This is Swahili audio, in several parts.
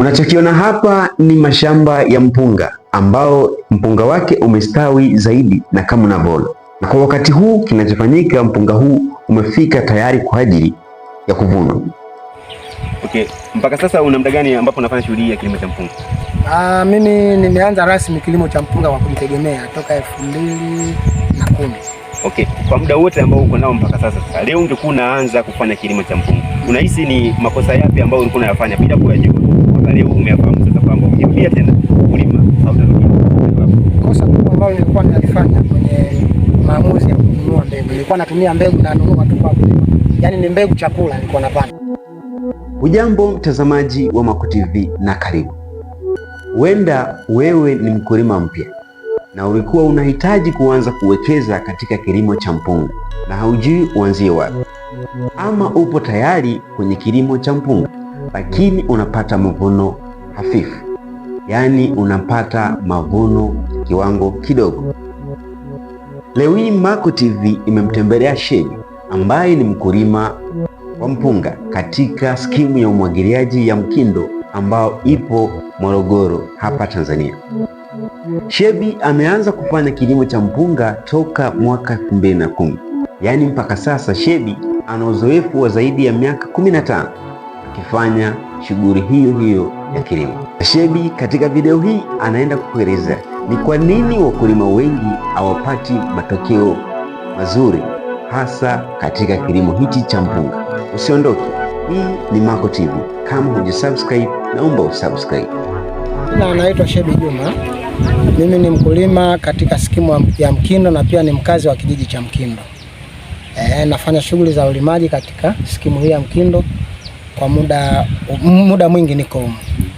Unachokiona hapa ni mashamba ya mpunga ambao mpunga wake umestawi zaidi na kama unavyoona, na kwa wakati huu kinachofanyika, mpunga huu umefika tayari kwa ajili ya kuvunwa. Okay, mpaka sasa una muda gani ambapo unafanya shughuli ya kilimo cha mpunga? Ah, mimi nimeanza rasmi kilimo cha mpunga kwa kujitegemea toka elfu mbili na kumi. Okay, kwa muda wote ambao uko nao mpaka sasa, sasa leo ungekuwa unaanza kufanya kilimo cha mpunga, unahisi ni makosa yapi ambayo ulikuwa unayafanya bila kuyajua? huu umefahamu sasa kwamba ukirudia tena kulima hautarudi. Kosa kubwa ambalo nilikuwa nalifanya kwenye maamuzi ya kununua mbegu, nilikuwa natumia mbegu na nunua tu kwa kulima, yaani ni mbegu chakula nilikuwa napanda. Ujambo mtazamaji wa Maco TV na karibu. Huenda wewe ni mkulima mpya na ulikuwa unahitaji kuanza kuwekeza katika kilimo cha mpunga na haujui uanzie wapi, ama upo tayari kwenye kilimo cha mpunga lakini unapata mavuno hafifu, yaani unapata mavuno kiwango kidogo. Leo hii Maco TV imemtembelea Shebi ambaye ni mkulima wa mpunga katika skimu ya umwagiliaji ya Mkindo ambao ipo Morogoro hapa Tanzania. Shebi ameanza kufanya kilimo cha mpunga toka mwaka 2010. Yaani mpaka sasa Shebi ana uzoefu wa zaidi ya miaka 15 akifanya shughuli hiyo hiyo ya kilimo. Shebi katika video hii anaenda kukueleza ni kwa nini wakulima wengi hawapati matokeo mazuri hasa katika kilimo hichi cha mpunga. Usiondoke, hii ni Maco TV. Kama hujasubscribe, naomba usubscribe. Na anaitwa Shebi Juma, mimi ni mkulima katika skimu ya Mkindo na pia ni mkazi wa kijiji cha Mkindo. E, nafanya shughuli za ulimaji katika skimu hii ya Mkindo kwa muda muda mwingi niko huko.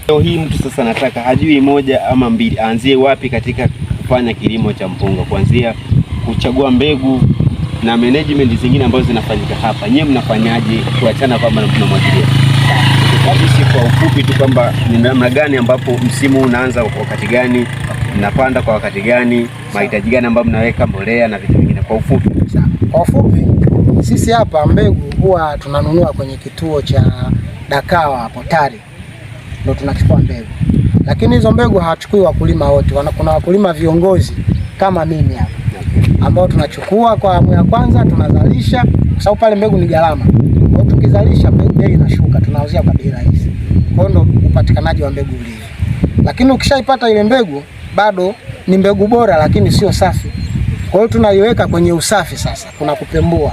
Leo hii mtu sasa nataka hajui moja ama mbili, aanzie wapi katika kufanya kilimo cha mpunga, kuanzia kuchagua mbegu na management zingine ambazo zinafanyika hapa. Nyewe mnafanyaje kuachana kwamba tunamwagilia kabisa? Kwa ufupi tu kwamba ni namna gani ambapo msimu unaanza wakati gani, mnapanda kwa wakati gani, mahitaji gani ambayo mnaweka mbolea na vitu vingine, kwa ufupi. Kwa ufupi sisi hapa mbegu huwa tunanunua kwenye kituo cha Dakawa hapo TARI, ndio tunachukua mbegu, lakini hizo mbegu hawachukui wakulima wote. Kuna wakulima viongozi kama mimi hapa ambao tunachukua kwa awamu ya kwanza, tunazalisha kwa sababu pale mbegu ni gharama. Kwa hiyo tukizalisha mbegu bei inashuka, tunauzia kwa bei rahisi. Kwa hiyo ndio upatikanaji wa mbegu ulivyo, lakini ukishaipata ile mbegu bado ni mbegu bora, lakini sio safi. Kwa hiyo tunaiweka kwenye usafi sasa, kuna kupembua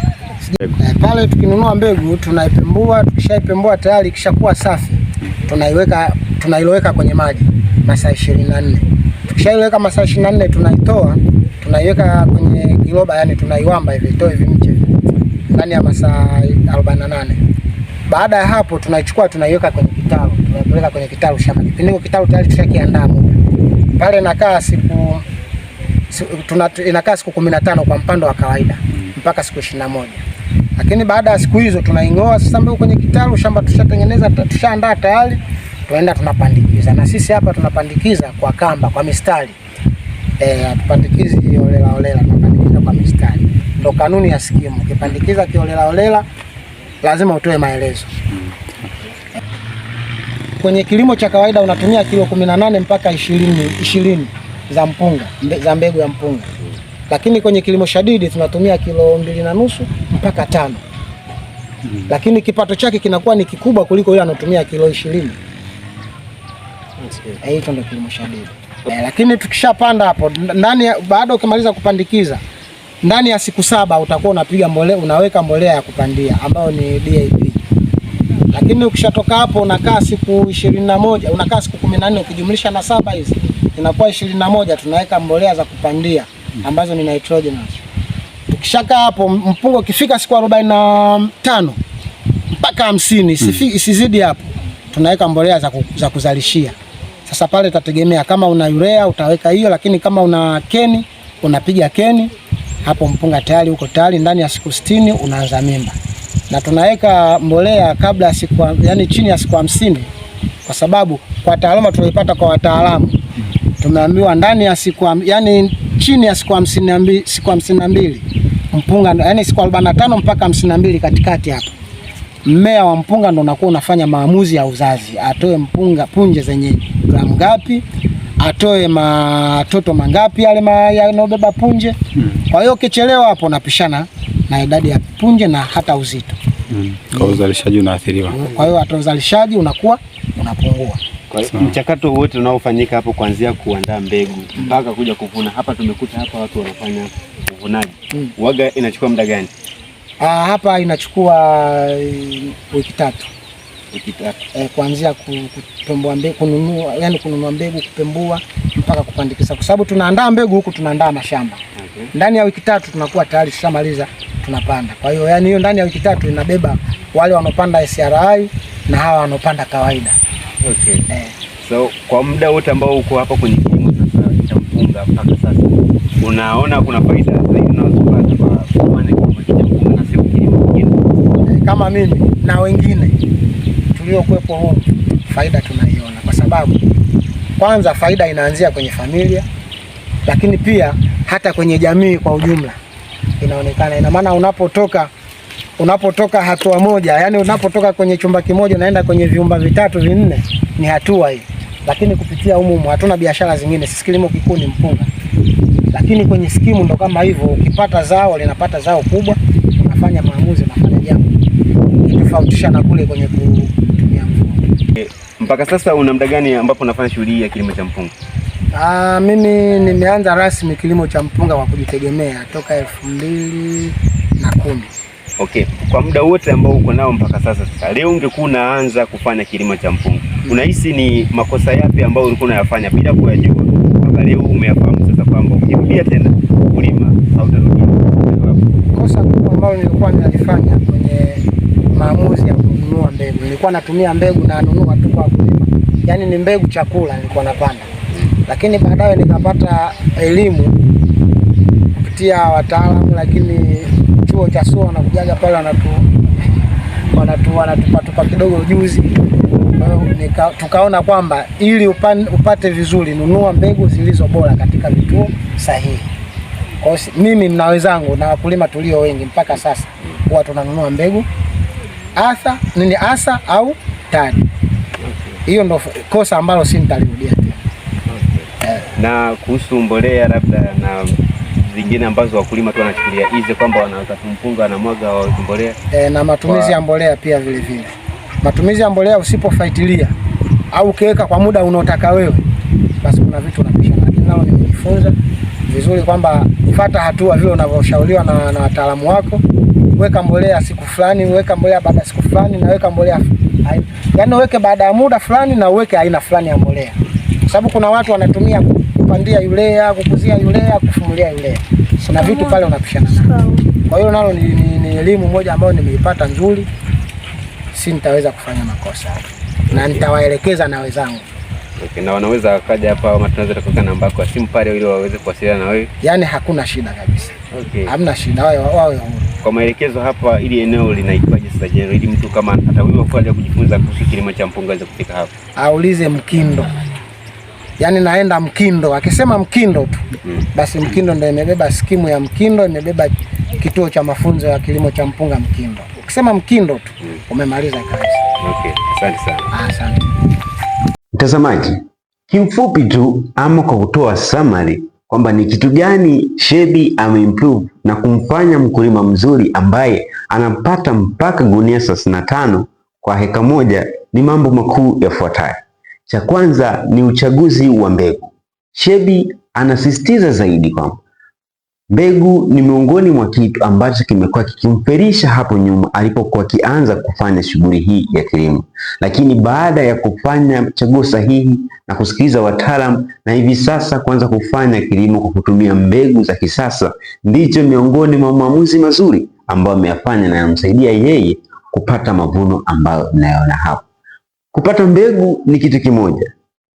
E, pale tukinunua mbegu tunaipembua, tukishaipembua tayari ikishakuwa safi tunaiweka tunailoweka kwenye maji masaa 24. Tukishaiweka masaa 24 tunaitoa, tunaiweka kwenye kiloba yani tunaiwamba hivi toa hivi mche ndani ya masaa 48. Baada ya hapo tunaichukua tunaiweka kwenye kitalu, tunaipeleka kwenye kitalu shamba. Kipindi hicho kitalu tayari tushakiandaa. Pale nakaa siku tuna, inakaa siku 15 kwa mpando wa kawaida mpaka siku 21. Lakini baada ya siku hizo tunaing'oa sasa mbegu kwenye kitalu, shamba tushatengeneza, tushaandaa tayari, tunaenda tunapandikiza. Na sisi hapa tunapandikiza kwa kamba, kwa mistari eh, tupandikizi holela holela, tunapandikiza kwa mistari. Ndo kanuni ya skimu. Ukipandikiza kiholela holela lazima utoe maelezo. Kwenye kilimo cha kawaida unatumia kilo 18 mpaka 20 20 za mpunga, za mbegu ya mpunga lakini kwenye kilimo shadidi tunatumia kilo mbili na nusu mpaka tano Hmm. lakini kipato chake kinakuwa ni kikubwa kuliko yule anatumia kilo ishirini. Eh, hicho ndio kilimo shadidi eh, lakini tukishapanda hapo ndani, baada ukimaliza kupandikiza ndani ya siku saba utakuwa unapiga mbolea, unaweka mbolea ya kupandia ambayo ni DAP. Lakini ukishatoka hapo unakaa siku ishirini na moja unakaa siku kumi na nne ukijumlisha na saba hizi inakuwa ishirini na moja tunaweka mbolea za kupandia ambazo ni nitrogen. Ukishakaa hapo mpunga ukifika siku arobaini na tano mpaka hamsini mm. isizidi hapo, tunaweka mbolea za, ku, za kuzalishia. Sasa pale tategemea kama una urea utaweka hiyo, lakini kama una keni unapiga keni hapo, mpunga tayari uko tayari, ndani ya siku sitini unaanza mimba. Na tunaweka mbolea kabla siku, yani chini ya siku hamsini kwa sababu kwa taaluma tulioipata kwa wataalamu hmm. tumeambiwa ndani ya siku yani chini ya siku hamsini na mbili, siku hamsini na mbili mpunga, yani siku arobaini na tano mpaka hamsini na mbili katikati hapo mmea wa mpunga ndo unakuwa unafanya maamuzi ya uzazi, atoe mpunga punje zenye gramu ngapi, atoe matoto mangapi yale yanayobeba punje. Hmm. Kwa hiyo ukichelewa hapo unapishana na idadi ya punje na hata uzito. Hmm. Kwa uzalishaji unaathiriwa, kwa hiyo hata uzalishaji unakuwa unapungua. Kwa hiyo mchakato wote unaofanyika hapo kuanzia kuandaa mbegu mpaka kuja kuvuna, hapa tumekuta hapa watu wanafanya uvunaji hmm. Waga inachukua muda gani? Ah, hapa inachukua eh, wiki tatu wiki tatu e, kuanzia kutomboa mbegu, kununua yani kununua mbegu, kupembua mpaka kupandikiza, kwa sababu tunaandaa mbegu huku tunaandaa mashamba okay. Ndani ya wiki tatu tunakuwa tayari tushamaliza tunapanda. Kwa hiyo yani hiyo ndani ya wiki tatu inabeba wale wanaopanda SRI na hawa wanaopanda kawaida. Okay. Eh. So kwa muda wote ambao uko hapa kwenye kilimo sasa cha mpunga mpaka sasa unaona kuna faida zaidi unazopata kwa kufanya kilimo cha mpunga na sio kilimo kingine? Kama mimi na wengine tuliokuwepo huko, faida tunaiona kwa sababu kwanza faida inaanzia kwenye familia, lakini pia hata kwenye jamii kwa ujumla inaonekana. Ina maana unapotoka unapotoka hatua moja, yani unapotoka kwenye chumba kimoja unaenda kwenye vyumba vitatu vinne, ni hatua hii. Lakini kupitia humu hatuna biashara zingine, sisi kilimo kikuu ni mpunga, lakini kwenye skimu ndo kama hivyo, ukipata zao linapata zao kubwa, unafanya maamuzi, unafanya jambo tofautisha na kule kwenye kutumia mvua. Mpaka sasa una muda gani ambapo unafanya shughuli hii ya kilimo cha mpunga? Ah, mimi nimeanza rasmi kilimo cha mpunga kwa kujitegemea toka elfu mbili na kumi. Okay, kwa muda wote ambao uko nao mpaka sasa, sasa leo ungekuwa unaanza kufanya kilimo cha mpunga, unahisi ni makosa yapi ambayo ulikuwa unayafanya bila kuyajua mpaka leo umeyafahamu sasa kwamba ukirudia tena kulima hautarudia? Kosa kubwa ambalo nilikuwa nalifanya kwenye maamuzi ya kununua mbegu, nilikuwa natumia mbegu na nanunua tu kwa kulima, yaani ni mbegu chakula nilikuwa napanda, lakini baadaye nikapata elimu kupitia wataalamu, lakini hivyo chaso wanakujaga pale wanatu wanatu wanatupatupa kidogo juzi. Kwa hiyo tukaona kwamba ili upan, upate vizuri, nunua mbegu zilizo bora katika vituo sahihi. Kwa hiyo mimi na wenzangu na wakulima tulio wengi mpaka sasa huwa tunanunua mbegu asa nini, asa au tani Hiyo ndo kosa ambalo si nitarudia tena. Okay. Eh. Na kuhusu mbolea labda na zingine ambazo wakulima tu wanachukulia hizi kwamba wanaweka mpunga mwaga wa mbolea e, na matumizi kwa... ya mbolea pia vile vile. Matumizi ya mbolea usipofuatilia au ukiweka kwa muda unaotaka wewe, basi kuna vitu unapisha. Lakini nalo nimejifunza vizuri kwamba fuata hatua vile unavyoshauriwa na, na wataalamu wako. Weka mbolea siku fulani, weka mbolea baada ya siku fulani, na weka mbolea yaani, uweke baada ya muda fulani na uweke aina fulani ya mbolea, kwa sababu kuna watu wanatumia kupandia yulea, kukuzia yulea, kufumulia yulea, kuna vitu pale unapishana. Kwa hiyo nalo ni elimu moja ambayo nimeipata nzuri, si nitaweza kufanya makosa na nitawaelekeza na wenzangu. Okay, na wanaweza wakaja hapa au tunaweza tukaweka namba yako ya simu pale ili waweze kuwasiliana na wewe. Yaani hakuna shida kabisa. Okay. Hamna shida wao wao. wao. Kwa maelekezo hapa ili eneo linaitwaje sasa je? Ili mtu kama atawiwa kwa ajili ya kujifunza kuhusu kilimo cha mpunga aweze kufika hapa. Aulize Mkindo yani naenda Mkindo. Akisema Mkindo tu mm-hmm. basi Mkindo ndio imebeba skimu ya Mkindo, imebeba kituo cha mafunzo ya kilimo cha mpunga Mkindo. Ukisema Mkindo tu mm-hmm. umemaliza kazi. Okay, asante sana. Ah, mtazamaji. Kimfupi tu ama kwa kutoa summary kwamba ni kitu gani Shebi ameimprove na kumfanya mkulima mzuri ambaye anapata mpaka gunia 35 kwa heka moja, ni mambo makuu yafuatayo. Cha kwanza ni uchaguzi wa mbegu. Shebi anasisitiza zaidi kwamba mbegu ni miongoni mwa kitu ambacho kimekuwa kikimferisha hapo nyuma alipokuwa akianza kufanya shughuli hii ya kilimo, lakini baada ya kufanya chaguo sahihi na kusikiliza wataalamu na hivi sasa kuanza kufanya kilimo kwa kutumia mbegu za kisasa, ndicho miongoni mwa maamuzi mazuri ambayo ameyafanya na yanamsaidia yeye kupata mavuno ambayo inayoona hapo. Kupata mbegu ni kitu kimoja,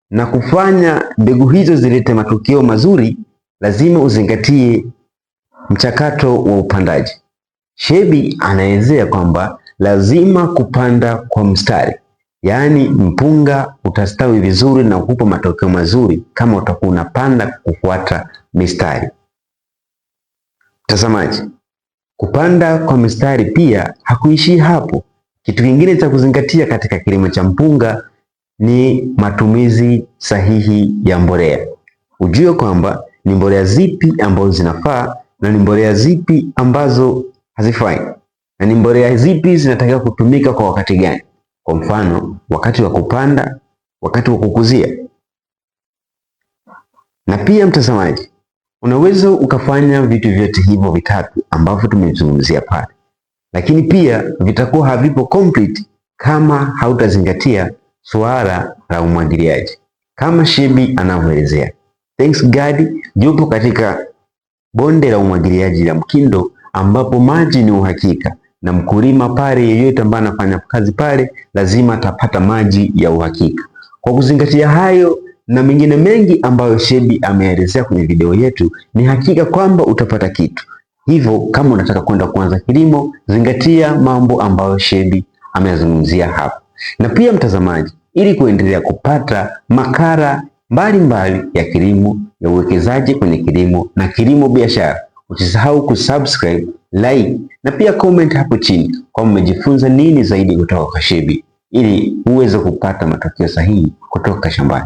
na kufanya mbegu hizo zilete matokeo mazuri, lazima uzingatie mchakato wa upandaji. Shebi anaelezea kwamba lazima kupanda kwa mstari, yaani mpunga utastawi vizuri na kukupa matokeo mazuri kama utakuwa unapanda kufuata mistari. Mtazamaji, kupanda kwa mistari pia hakuishii hapo, kitu kingine cha kuzingatia katika kilimo cha mpunga ni matumizi sahihi ya mbolea. Ujue kwamba ni mbolea zipi ambazo zinafaa na ni mbolea zipi ambazo hazifai na ni mbolea zipi zinatakiwa kutumika kwa wakati gani. Kwa mfano, wakati wa kupanda, wakati wa kukuzia. Na pia mtazamaji, unaweza ukafanya vitu vyote hivyo vitatu ambavyo tumezungumzia pale lakini pia vitakuwa havipo complete kama hautazingatia suala la umwagiliaji kama Shebi anavyoelezea. Thanks God, yupo katika bonde la umwagiliaji la Mkindo ambapo maji ni uhakika, na mkulima pale yeyote ambaye anafanya kazi pale lazima atapata maji ya uhakika. Kwa kuzingatia hayo na mengine mengi ambayo Shebi ameelezea kwenye video yetu, ni hakika kwamba utapata kitu Hivyo kama unataka kwenda kuanza kilimo, zingatia mambo ambayo Shebi ameyazungumzia hapa. Na pia mtazamaji, ili kuendelea kupata makala mbalimbali ya kilimo, ya uwekezaji kwenye kilimo na kilimo biashara, usisahau kusubscribe, like na pia comment hapo chini kwa umejifunza nini zaidi kutoka kwa Shebi ili uweze kupata matokeo sahihi kutoka shambani.